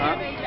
ah